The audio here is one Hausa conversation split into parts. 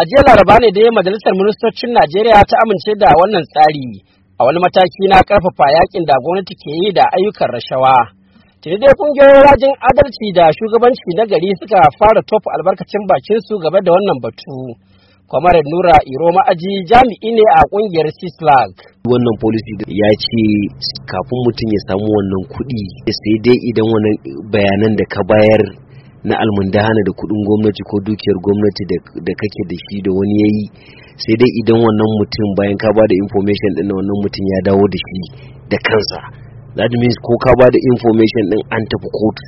A jiya laraba ne dai majalisar ministocin Najeriya ta amince da wannan tsari a wani mataki na karfafa yakin da gwamnati ke yi da ayyukan rashawa. Tuni dai kungiyoyin rajin adalci da shugabanci na gari suka fara tofa albarkacin bakin su game da wannan batu. Kwamarar Nura Iro Ma'aji jami'i ne a kungiyar sislag wannan policy ya ce kafin mutum ya samu wannan kuɗi sai dai idan wani bayanan da ka bayar na almundahana da kudin gwamnati ko dukiyar gwamnati da kake da shi da wani yayi sai dai idan wannan mutum bayan ka ba da information din wannan mutum ya dawo da shi da kansa that means ko ka ba da information din an tafi kotu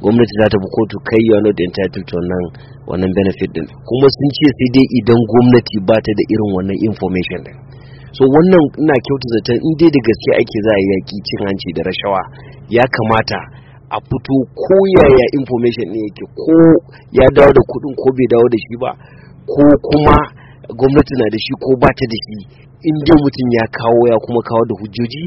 gwamnati za ta kotu kai you are not to wannan wannan benefit din kuma sun ce sai dai idan gwamnati ba ta da irin wannan information din so wannan ina kyautu zaton in dai da gaske ake za a yaki cin hanci da rashawa ya kamata a fito ko yaya information ne yake ko ya dawo da kudin ko bai dawo da shi ba ko kuma gwamnati na da shi ko ba ta da shi in dai mutum ya kawo ya kuma kawo da hujjoji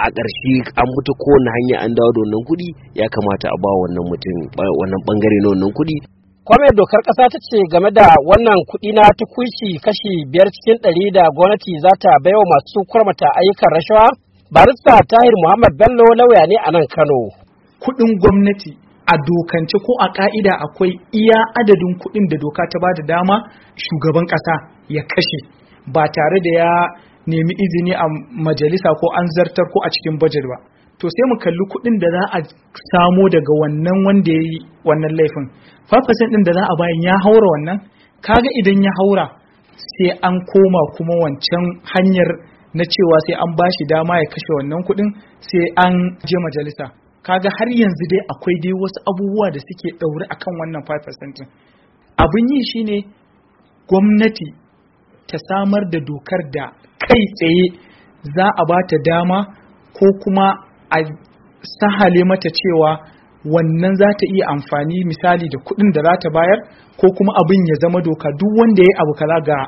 a ƙarshe an fita na hanya an dawo da wannan kuɗi ya kamata a ba wannan mutum wannan bangare na wannan kuɗi kwame dokar ƙasa ta ce game da wannan kuɗi na tukuici kashi biyar cikin ɗari da gwamnati za ta baiwa masu kurmata ayyukan rashawa barista tahir muhammad bello lauya ne a nan kano kuɗin gwamnati a dokance ko a ka'ida akwai iya adadin kuɗin da doka ta bada dama shugaban ƙasa ya kashe ba tare da ya nemi izini a majalisa ko an zartar ko a cikin bajet ba to sai mu kalli kuɗin da za a samo daga wannan wanda ya yi wannan laifin fafasin ɗin da za a bayan ya haura wannan kaga idan ya haura sai an koma kuma wancan hanyar na cewa sai an bashi dama ya kashe wannan kuɗin sai an je majalisa kaga har yanzu dai akwai dai wasu abubuwa da suke ɗaure akan wannan 5% abin yi shine gwamnati ta samar da dokar da kai tsaye za a ba ta dama ko kuma a sahale mata cewa wannan za ta iya amfani misali da kuɗin da za ta bayar ko kuma abin ya zama doka duk wanda ya abu kaza ga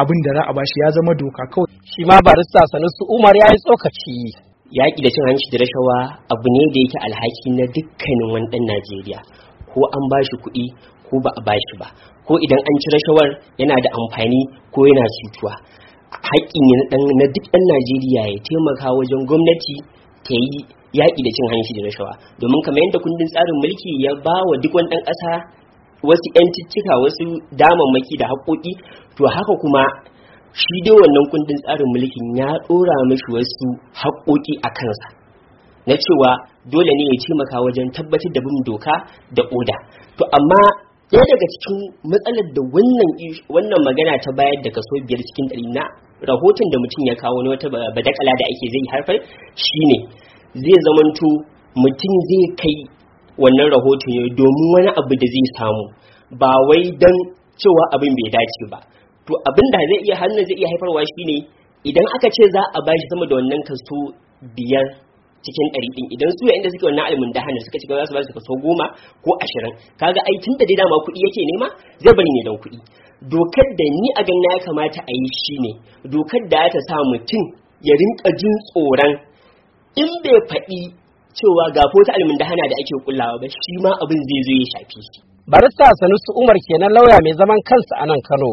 abin da za a bashi ya zama doka kawai. Shi ma barista Sanusi Umar ya yi tsokaci yaƙi da cin hanci da rashawa abu ne da yake alhaki na dukkanin wani ɗan najeriya ko an ba shi kuɗi ko ba a ba shi ba ko idan an ci rashawar yana da amfani ko yana cutuwa haƙƙi ne na duk ɗan najeriya ya taimaka wajen gwamnati ta yi yaƙi da cin hanci da rashawa domin kamar yadda kundin tsarin mulki ya ba wa duk wani ɗan ƙasa wasu 'yan wasu damammaki da haƙoƙi to haka kuma shi dai wannan kundin tsarin mulkin ya ɗora mashi wasu haƙoƙi a kansa na cewa dole ne ya taimaka wajen tabbatar da bin doka da oda to amma ɗaya daga cikin matsalar da wannan magana ta bayar da kaso biyar cikin ɗari na rahoton da mutum ya kawo na wata badakala da ake zai harfar ne. zai zamanto mutum zai kai wannan rahoton domin wani abu da zai samu ba wai don cewa abin bai dace ba to abin da zai iya hannun zai iya haifarwa shi ne, idan aka ce za a bashi sama da wannan kaso biyar cikin ɗari ɗin idan su yayin da suke wannan alimin da hannun suka cika za su bashi kaso goma ko ashirin kaga aikin tun da dai dama kuɗi yake nema zai bari ne don kuɗi dokar da ni a ganin ya kamata a yi shi ne dokar da ta sa mutum ya rinka jin tsoron in bai faɗi cewa ga ta alimin da hana da ake kullawa ba shi ma abin zai zo ya shafi shi barista sanusi umar kenan lauya mai zaman kansa a nan kano